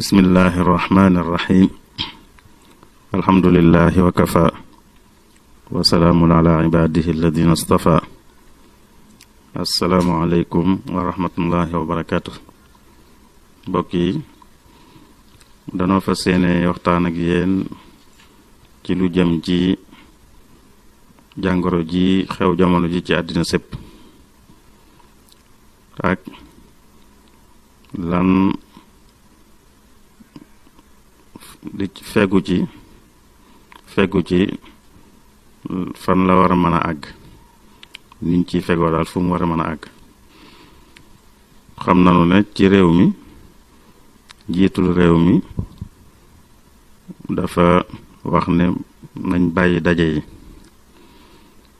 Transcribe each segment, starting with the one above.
بسم الله الرحمن الرحيم الحمد لله وكفى وسلام على عباده الذين اصطفى السلام عليكم ورحمة الله وبركاته بوكي دانو fa seene waxtaan ak yéen ci lu jëm ci jàngoro جي xew jamono ji ci di feggu ci feggu ci fan la war a mën a àgg niñ ciy fegoo daal fu mu war a mën a àgg xam nanu ne ci réew mi jiitul réew mi dafa wax ne nañ bàyyi daje yi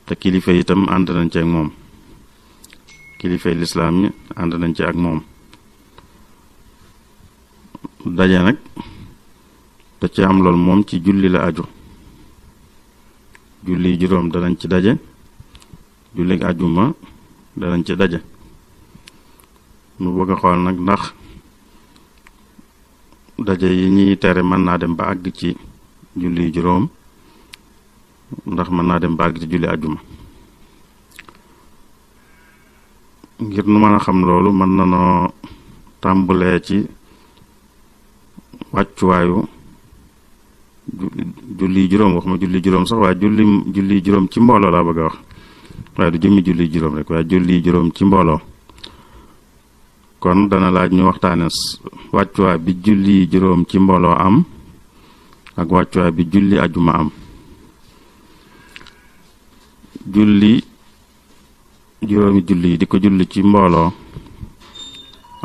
te kilifa itam ànd nañ ci ak moom kilifay lislaam yi ànd nañ ci ak moom daje nag da ci am lool moom ci julli la aju julli juróom danañ ci daje julli ajuma danañ ci daje nu bëgg a xool nag ndax daje yi ñuy tere mën naa dem ba àgg ci julli juróom ndax mën naa dem ba àgg ci julli ajuma ngir nu mën a xam loolu mën na noo tàmbulee ci wàccuwaayu julli juróom ma julli juróom sax waaye julli juróom ci mbooloo laa bëgg a wax waaye du jëmmi julli juróom rek waaye julli juróom ci mbooloo kon dana laaj ñu waxtaane wàccuwaay bi julli juróom ci mbooloo am ak wàccuwaay bi julli ajuma am julli juróomi julli di ko julli ci mbooloo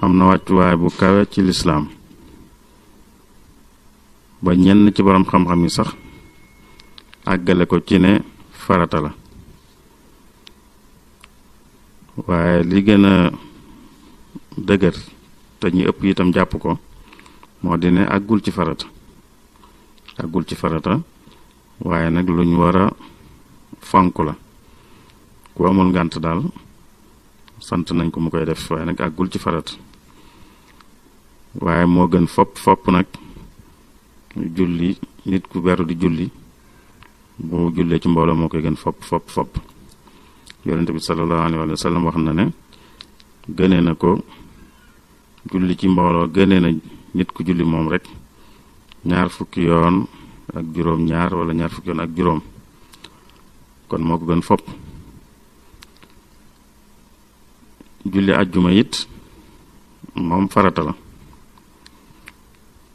am na wàccuwaay bu kawe ci lislaam ba ñenn ci borom xam-xam yi sax àggale ko ci ne farata la waaye li gën a dëgër te ñu ëpp itam jàpp ko moo di ne àggul ci farata àggul ci farata waaye nag lu ñu war a fonk la ku amul ngànt daal sant nañ ko mu koy def waaye nag àggul ci farata waaye moo gën fopp fopp nag julli nit ku beru di julli bu jullee ci mbooloo moo koy gën fopp fopp fopp yonente bi sallallahu alayhi wa sallam wax na ne gënee na ko julli ci mbooloo gënee na nit ku julli moom rek ñaar fukki yoon ak juróom ñaar wala ñaar fukki yoon ak juróom kon moo ko gën fopp julli àjjuma it moom farata la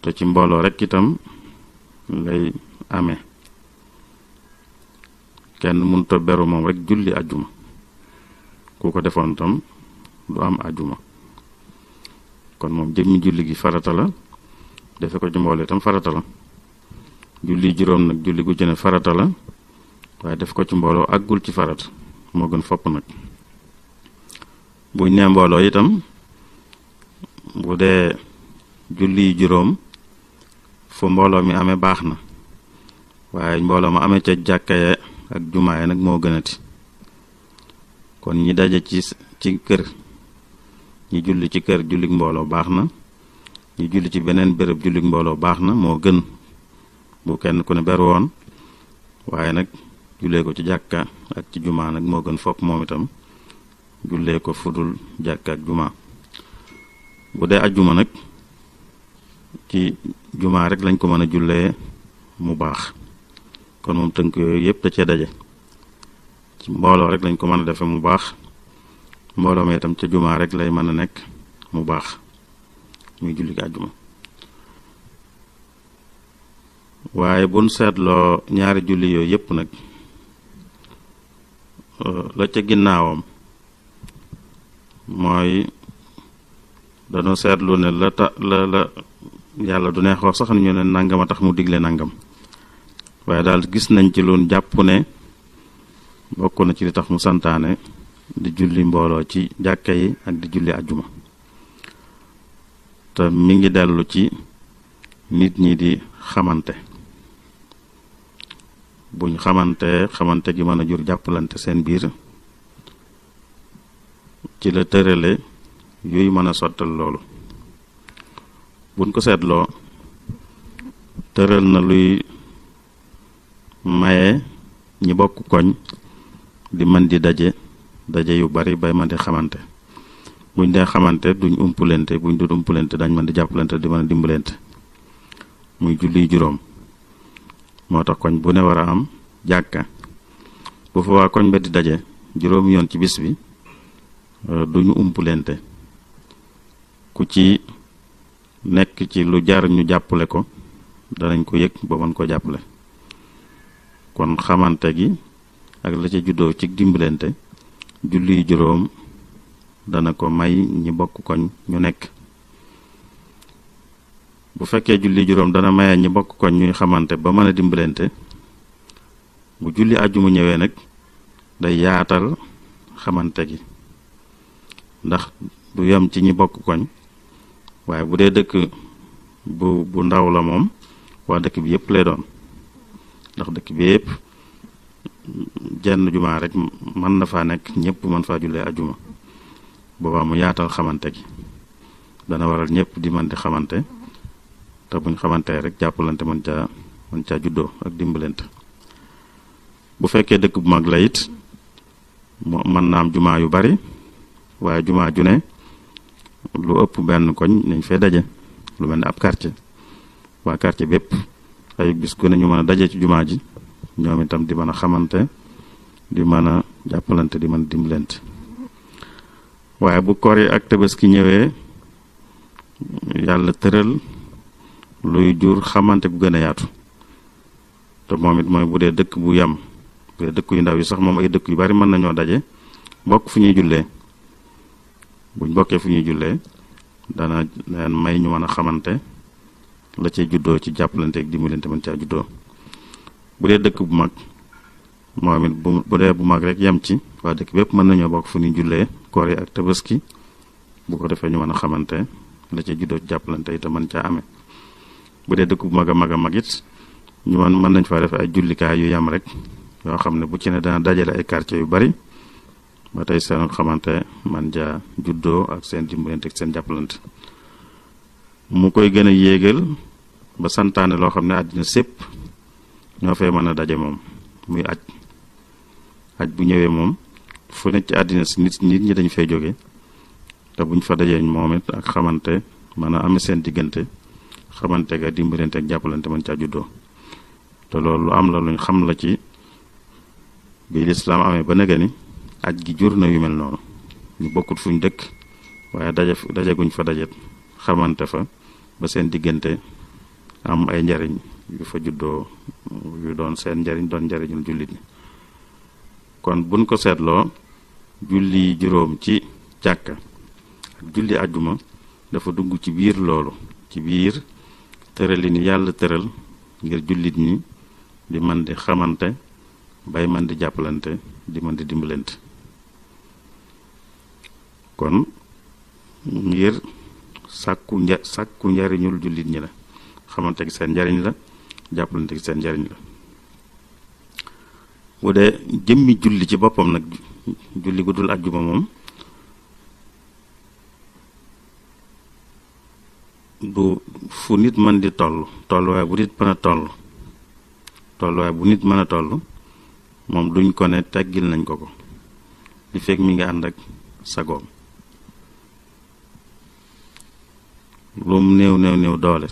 te ci mbooloo rekk itam lay amee kenn mënuta beru moom rek julli ajjuma ku ko defoon tam du am ajjuma kon moom jëmmi julli gi farata la defe ko ci mbooloo itam farata la julli juróom nag julli gu jëne farata la waaye def ko ci mbooloo ak àggul ci farata moo gën fopp nag buñ nee mbooloo itam bu dee julli juróom fu mbooloo mi amee baax na waaye mbooloo ma amee ca jàkka ya ak jumaa ya nag moo gënati kon ñi daje ci ci kër ñi julli ci kër jullik mbooloo baax na ñi julli ci beneen bërëb jullik mbooloo baax na moo gën bu kenn ku ne ber woon waaye nag jullee ko ci jàkka ak ci jumaa nag moo gën fopp moom itam jullee ko fudul jàkka ak jumaa bu dee ajjuma nag ci jumaa rek lañ ko mën a jullee mu baax kon moom tënk yooyu yëpp da cee daje ci mbooloo rek lañ ko mën a defe mu baax mbooloo ma itam ca jumaa rek lay mën a nekk mu baax muy julli àjjuma waaye buñ seetloo ñaari julli yooyu yëpp nag euh, la ca ginnaawam mooy dañoo seetlu ne la ta la la yàlla du neex wax sax ni ñu ne nangam a tax mu digle nangam waaye daal gis nañ ci loon jàpp ne bokk na ci li tax mu santaane di julli mbooloo ci jàkka yi ak di julli ajjuma te mi ngi dellu ci nit ñi di xamante buñ xamante xamante gi mën a jur jàppalante seen biir ci la tërale yooyu mën a sottal loolu buñ ko seetloo tëral na luy maye ñi bokk koñ di mën di daje daje yu bari bay mën di xamante buñ dee xamante duñ umpulente buñ dul dañ mën di jàppalante di mën a dimbalante muy julli juróom moo tax koñ bu ne war a am jàkka bu fa waa koñ ba di daje juróomi yoon ci bis bi euh, duñu umpulente ku ci nekk ci lu jar ñu jàppale ko danañ ko yëg ba mën ko jàppale kon xamante gi ak la ca juddoo ci dimbalante julli juróom dana ko may ñi bokk koñ ñu nekk bu fekkee julli juróom dana maye ñi bokk koñ ñuy xamante ba mën a dimbalante bu julli àjjuma ñëwee nag day yaatal xamante gi ndax du yem ci ñi bokk koñ waaye bu dee dëkk bu bu ndaw la moom waa dëkk bi yëpp lay doon ndax dëkk bi yëpp jenn jumaa rek mën na faa nekk ñëpp mën faa jullee ajuma boobaa mu yaatal xamante gi dana waral ñëpp di man di xamante te xamante xamantee rek jàppalante man caa juddoo ak dimbalante bu fekkee dëkk bu mag la it mën naa am jumaa yu bari waaye jumaa ju ne lu ëpp benn koñ nañ fee daje lu mel ne ab quartier waa quartier bépp ay bis gu ne ñu mën a daje ci jumaa ji ñoom itam di mën a xamante di mën a jàppalante di man a dimbalante waaye bu koor yi ak tabaski ñëwee yàlla tëral luy jur xamante bu gën a yaatu te moom it mooy bu dee dëkk bu yam bu dee dëkk yu ndaw yi sax moom ay dëkk yu bari mën nañoo daje bokk fu ñuy jullee buñ bokkee fu ñuy jullee dana daan may ñu mën a xamante la cay juddoo ci jàppalante ak dimbalante mën caa juddoo bu dee dëkk bu mag moom it bu bu dee bu mag rek yam ci waa dëkk bépp mën nañoo bokk fu ñuy jullee koor yi ak tabaski bu ko defee ñu mën a xamante la cay juddoo ci jàppalante itam mën caa amee bu dee dëkk bu mag a mag a mag ñu mën mën nañ faa def ay jullikaay yu yem rek yoo xam ne bu ci ne dana dajale ay quartier yu bari ma tey seen xamante man jaa juddoo ak seen dimbalante ak seen jàppalante mu koy gën a yéegal ba santaane loo xam ne àddina sépp ñoo fee mën a daje moom muy aj aj bu ñëwee moom fu nekk ci àddina si nit ñi dañ fay jóge te buñ fa dajee moom ak xamante mën a amee seen diggante xamante ga dimbalante ak jàppalante man caa juddoo te loolu lu am la luñ xam la ci bi lislaam amee ba nëgë ni aj gi jur na yu mel noonu ñu bokkut fuñ dëkk waaye daje dajaguñ fa dajet xamanté fa ba seen digënté am ay njariñ yu fa juddo yu doon seen njariñ doon njariñul julit kon buñ ko sétlo julli juroom ci jàkka julli àjjuma dafa dugg ci biir loolu ci biir tëral ni yàlla tëral ngir jullit ñi di man di xamante bay man di jàppalante di man di dimbalante kon ngir sakku nja sàkku njariñul julit ñi la xamantek gi seen njariñ la jàppalante gi seen njariñ la bu dee jëmmi julli ci bopam nag julli gudul dul ajjuma du fu nit man di tollu way bu nit pana tollu tollu way bu nit mëna tollu mom duñ ko ne taggil nañ ko ko li fek mi nga ànd ak lum néew néew néew doole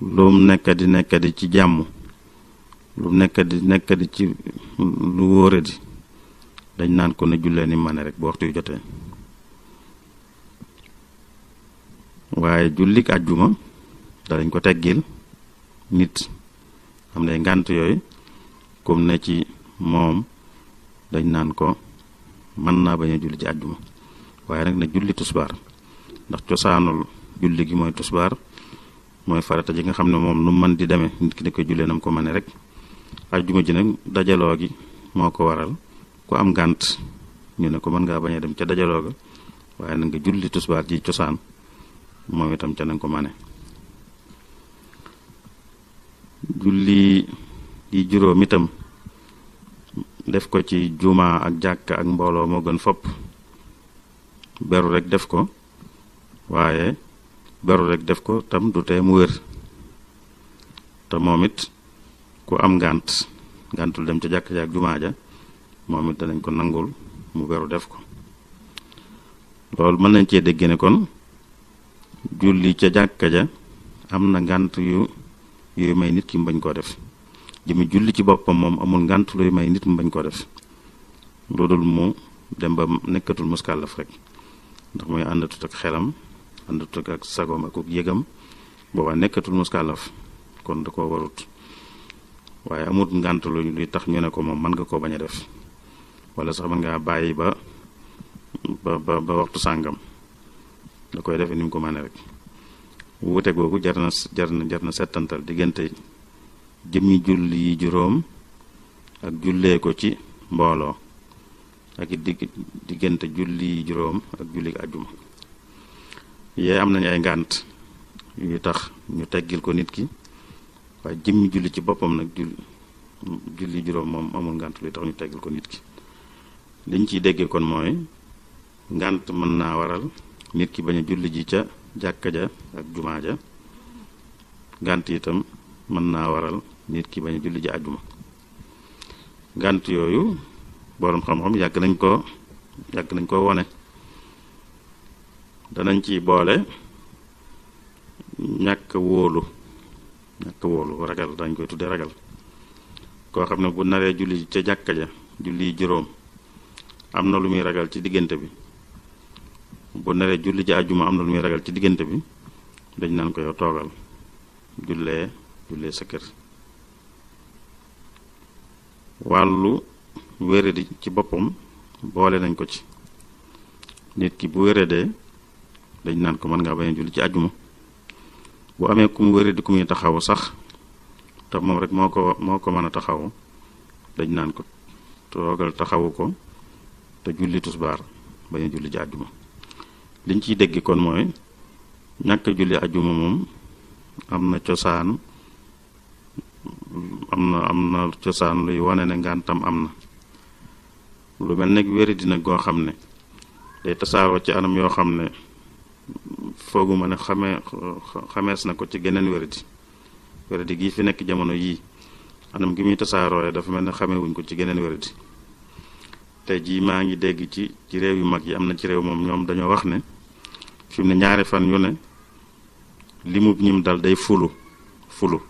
lum nekkadi nekkadi ci jàmm lum nekkadi nekkadi ci lu wóoradi dañ naan ko na jullee ni mane rek bu waxtu yu jotee waaye jullik àjjuma danañ ko teggil nit xam ne ngànt yooyu comme na ci moom dañ naan ko mën naa bañ a julli ci àjjuma waaye nag na julli tusbaar ndax cosaanul julli gi moy tusbar moy farata ji nga xamne mom moom nu di demé nit ki nekoy julle nam ko mané rek aljuma ji nak dajalo gi moko waral ku am gant ñu ne ko man nga bañ dem ci dajalo ga waye na nga julli tusbar ji ciosan mom itam ci nang ko mane julli di juro mitam def ko ci juma ak jakka ak mbolo mo gën fop beru rek def ko waye baru rek def ko tam du tay mu wër ta momit ku am gant, gantul dem ci jakk jaak juma ja momit dañ ko nangul mu beru def ko lol man nañ ci déggé né kon julli ci jakk ja am gant yu yu may nit ki mbañ ko def jëmi julli ci bopam mom amul gant lu may nit mu ko def mo dem ba nekkatul muskàllaf rek ndax moy àndatut ak xelam àndut ak sagoom ak yëgam booba nekkatul muskàllaf kon da koo warut waaye amut ngànt lu li tax ñu ne ko moom mën nga koo bañ a def wala sax mën ngaa bàyyi ba ba ba waxtu sàngam da koy defe ni mu ko mënee rek wuute googu jar na jar na jar na settantal diggante jëmmi julli yi juróom ak jullee ko ci mbooloo ak it diggante julli yi juróom ak julli ajjuma yee am nañu ay ngànt yu tax ñu teggil ko nit ki waaye jëmmi julli ci boppam nag jul julli juróom moom amul ngànt luy tax ñu teggil ko nit ki liñ ciy déggee kon mooy ngànt mën naa waral nit ki bañ julli ji ca jàkka ja ak jumaa ja ngànt yitam mën naa waral nit ki bañ julli ji àjjuma ngànt yooyu boroom xam-xam yàgg nañ ko yàgg nañ ko wone danañ ci boole ñàkk wóolu ñàkk wóolu ragal dañ koy tudde ragal koo xam ne bu naree julli ca jàkka ja julli juróom am na lu muy ragal ci diggante bi bu naree julli ci àjjuma am na lu muy ragal ci diggante bi dañ naan ko yow toogal jullee jullee sa kër wàllu wéradi ci boppam boole nañ ko ci nit ki bu wéradee dañ naan ko mën ngaa bañ a julli ci àjjuma bu amee ku mu wéré di ku taxawu sax te moom rek moo ko moo ko mën a taxawu dañ naan ko toogal taxawu ko te julli tusbaar bañ a julli ci àjjuma liñ ciy dégg kon mooy ñàkk julli àjjuma moom am na cosaan am na am na cosaan luy wane ne ngàntam am na lu mel nekk wéré dina goo xam ne day tasaaroo ci anam yoo xam ne fooguma ne xame xamees na ko ci geneen wéradi wéradi gii fi nekk jamono yii anam gi muy tasaarooye dafa mel ne xamewuñ ko ci geneen wéradi tey jii maa ngi dégg ci ci réew yu mag yi am na ci réew moom ñoom dañoo wax ne fi mu ne ñaari fan yu ne mu ñim dal day fulu fulu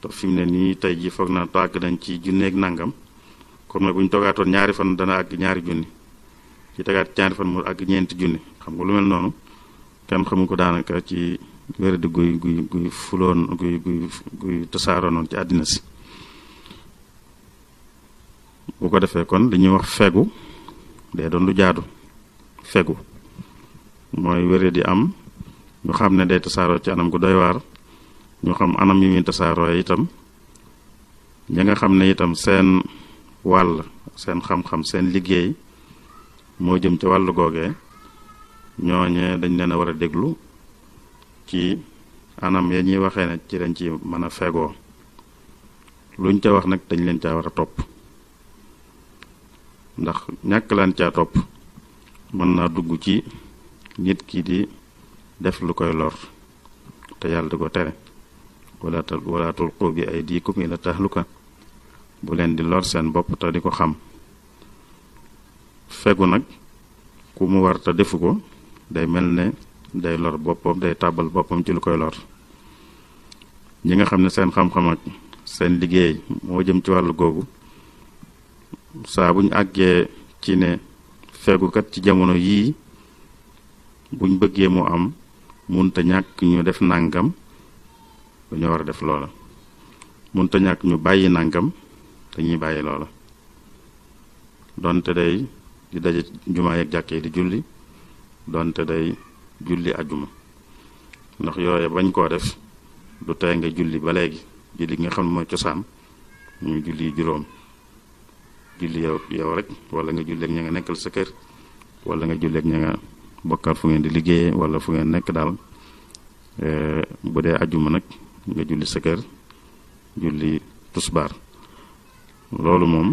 te fi mu ne nii tey jii foog naa tàgg nañ ci junneeg nangam kon mooy bu ñu toogaatoon ñaari fan dana ak ñaari junni ci tegaat ñaari fan mu àgg ñeenti junni xam nga lu mel noonu kenn xamu ko daanaka ci wéradi guy guy fuloon guy guy guy tasaaroon ci àddina si bu ko defee kon li ñuy wax fegu day doon lu jaadu fegu mooy wéradi am ñu xam ne day tasaaroo ci anam gu doy waar ñu xam anam yi muy tasaaroo itam ñi nga xam ne itam seen wàll seen xam-xam seen liggéey moo jëm ci wàllu googee ñooñe dañ leen a war a déglu ci anam ya ñuy waxee ne ci dañ ci mën a fegoo luñ ca wax nag dañ leen caa war a topp ndax ñàkk laan caa topp mën naa dugg ci nit ki di def lu koy lor te yàlla di ko tere wala wala tul bi ay diikum ila tahluka bu leen di lor seen bopp te di ko xam fegu nag ku war ta defu ko day mel ne day lor boppam day tàbbal boppam ci lu koy lor ñi nga xam ne seen xam-xam ak seen liggéey moo jëm ci wàllu googu saa bu ñu àggee ci ne feegukat ci jamono yii buñ bëggee mu am munta ñàkk ñu def nàngam dañoo war a def loola munta ñàkk ñu bàyyi nàngam dañuy bàyyi loola donte day di daje jumaa yeeg jàkkee di julli donte day julli ajuma ndax yooye bañ ko def du tey nga julli ba léegi julli nga xam mooy cosaan ñu julli juróom julli yow yow rek wala nga julli ak ña nga nekkal sa kër wala nga julli ak ña nga bokkal fu ngeen di liggéeyee wala fu ngeen nekk daal eh, bu dee ajuma nag nga julli sa kër julli tusbaar loolu moom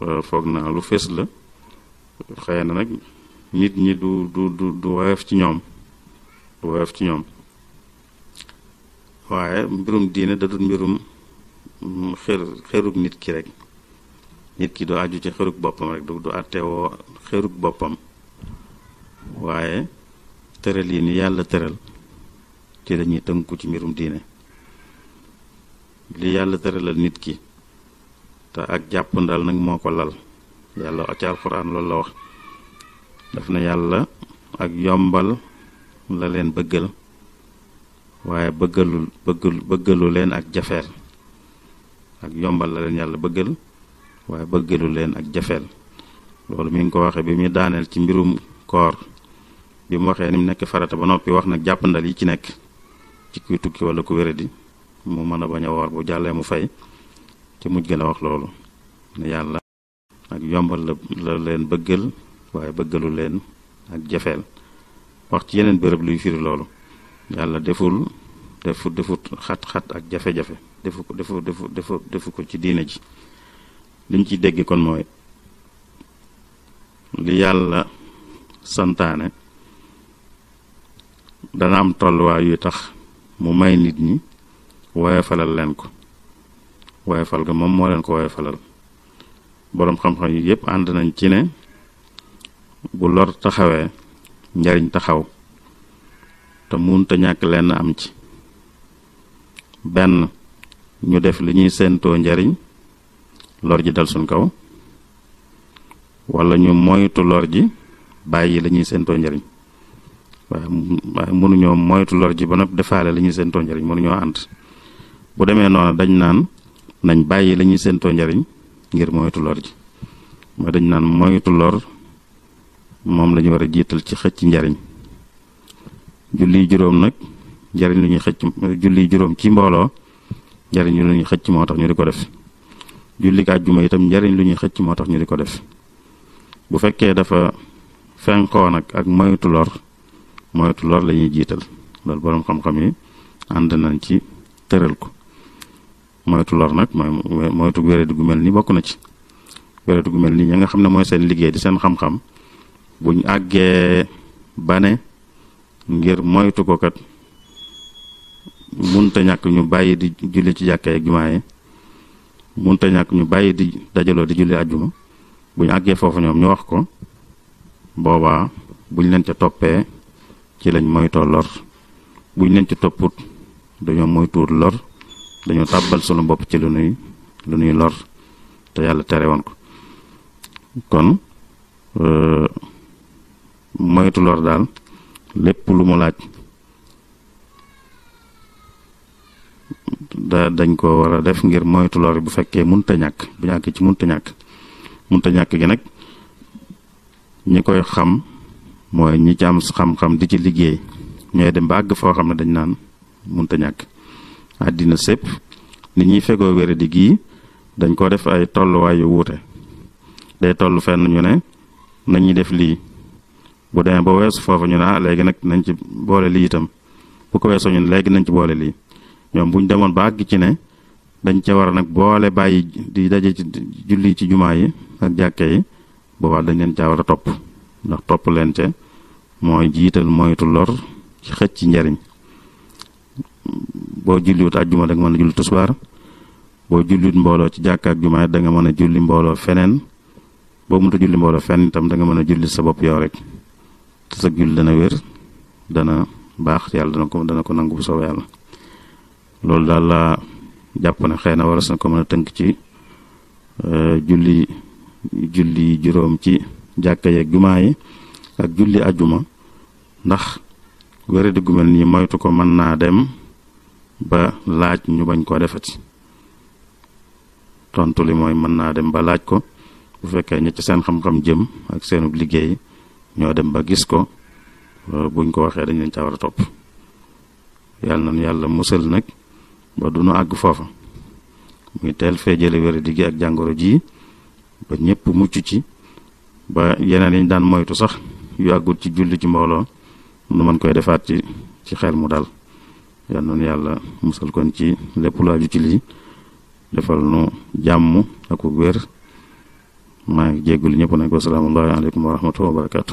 eh, foog lu fees la xëy na nit ñi du du du du ci ñoom du ci ñoom waaye mbirum diine da mbirum xer xërug nit ki rek nit ki du aju ci xërug boppam rek du du àttewoo xërug boppam waaye tëral yi ni yàlla tëral ci dañuy tënku ci mbirum diine li yàlla tëralal nit ki te ak jàpp ndal nag moo ko lal yàlla ci alxuraan loolu la wax daf na yàlla ak yombal la leen bëggal waaye bëggalul bëggalu bëggalu leen ak jafeel ak yombal la leen yàlla bëggal waaye bëggalu leen ak jafeel loolu mi ngi ko waxee bi muy daaneel ci mbirum koor bi mu waxee ni mu nekk farata ba noppi wax nag jàppandal yi ci nekk ci kuy tukki wala ku wéradi mu mën a bañ a woor bu jàllee mu fay ci mujj gën a wax loolu ne yàlla ak yombal la la leen bëggal waaye bëggalu leen ak jafeel wax ci yeneen bërëb luy firi loolu yàlla deful defu defut xat-xat ak jafe-jafe defu ko defu defu defu defu ko ci diine ji liñ ci dégg kon mooy li yàlla santaane dana am tolluwaay yu tax mu may nit ñi woyefalal leen ko woyefal ga moom moo leen ko woyefalal boroom xam-xam yi yépp ànd nañ ci ne bu lor taxawee njariñ taxaw te munta ñàkk lenn am ci benn ñu def li ñuy séentoo njariñ lor ji dal suñ kaw wala ñu moytu lor ji bàyyi lañuy ñuy séentoo njariñ waaye waaye mënuñoo moytu lor ji ba noppi defaale li ñuy séentoo njariñ mënuñoo ànd bu demee noonu dañ naan nañ bàyyi lañuy ñuy séentoo njariñ ngir moytu lor ji mooy dañ naan moytu lor moom la ñu war a jiital ci xëcc njariñ julli juróom nag njariñ lu ñuy xëcc julli juróom ci mbooloo njariñ lu ñuy xëcc moo tax ñu di ko def julli àjjuma itam njariñ lu ñuy xëcc moo tax ñu di ko def bu fekkee dafa fenkoo nag ak moytu lor moytu lor lañuy jiital loolu boroom xam-xam yi ànd nañ ci tëral ko moytu lor nag mooy moytu wéradi gu mel ni bokk na ci wéradi gu mel ni ña nga xam ne mooy seen liggéey di seen xam-xam buñ àggee bane ngir moytu ko kat munta ñàkk ñu bàyyi di julli ci jàkka ak mun yi ñàkk ñu bàyyi di dajaloo di julli àjjuma buñ àggee foofu ñoom ñu wax ko boobaa buñ leen ca toppee ci lañ moytoo lor buñ leen ca topput dañoo moytuwut lor dañoo tàbbal sunu bopp ci lu nuy lu nuy lor te yàlla tere woon ko kon euh, moytu lor daal lépp lu mu laaj da dañ ko war a def ngir moytu lor bu fekkee munta ñàkk bu ñàkk ci munta ñàkk munta ñàkk gi nag ñi koy xam mooy ñi ci am xam-xam di ci liggéey ñooy dem ba foo xam ne dañ naan munta ñàkk àddina sépp ni ñuy fegoo wére di gii dañ ko def ay tolluwaay yu wuute day toll fenn ñu ne nañuy def lii bu demee ba ñu ne ah léegi nag nañ ci boole lii itam bu ko weesoo ñu léegi nañ ci boole lii ñoom buñ demoon ba àgg ci ne dañ ca war a nag boole bàyyi di daje ci julli ci jumaa yi ak jàkke yi boobaa dañ leen caa war a topp ndax topp leen ca mooy jiital moytu lor ci xëcc ci njariñ boo julliwut àjjuma da nga mën a julli tusbaar boo julliwut mbooloo ci jàkka ak jumaa da mën a julli mbooloo feneen boo mënta julli mbooloo fenn itam da nga mën a julli sa bopp yoo rek te sag jul dana wér dana baax yàlla dana ko dana ko nangu bu soobee yàlla loolu daal laa jàpp na xëy na waras na ko mën a tënk ci euh, julli julli juróom ci jàkka yeeg jumaa yi ak julli ajuma ndax wéra diggu mel nii moytu ko mën naa dem ba laaj ñu bañ koo defati tontu li mooy mën naa dem ba laaj ko bu fekkee ña ci seen xam-xam jëm ak seenub liggéey ñoo dem ba gis ko buñ ko waxee dañ leen caa war a topp yàlla nañu yàlla musal nag ba du nu àgg foofa muy teel fee jële wéradi gi ak jàngoro ji ba ñépp mucc ci ba yeneen yi daan moytu sax yu àggul ci julli ci mbooloo nu mën koy defaat ci ci xel mu dal yal nañu yàlla musal kon ci lépp lu aju ci lii defal nu jàmm ak wér maa ngi jéggul ñëpp nag wasalaamaaleykum wa rahmatulah wa barakaatu.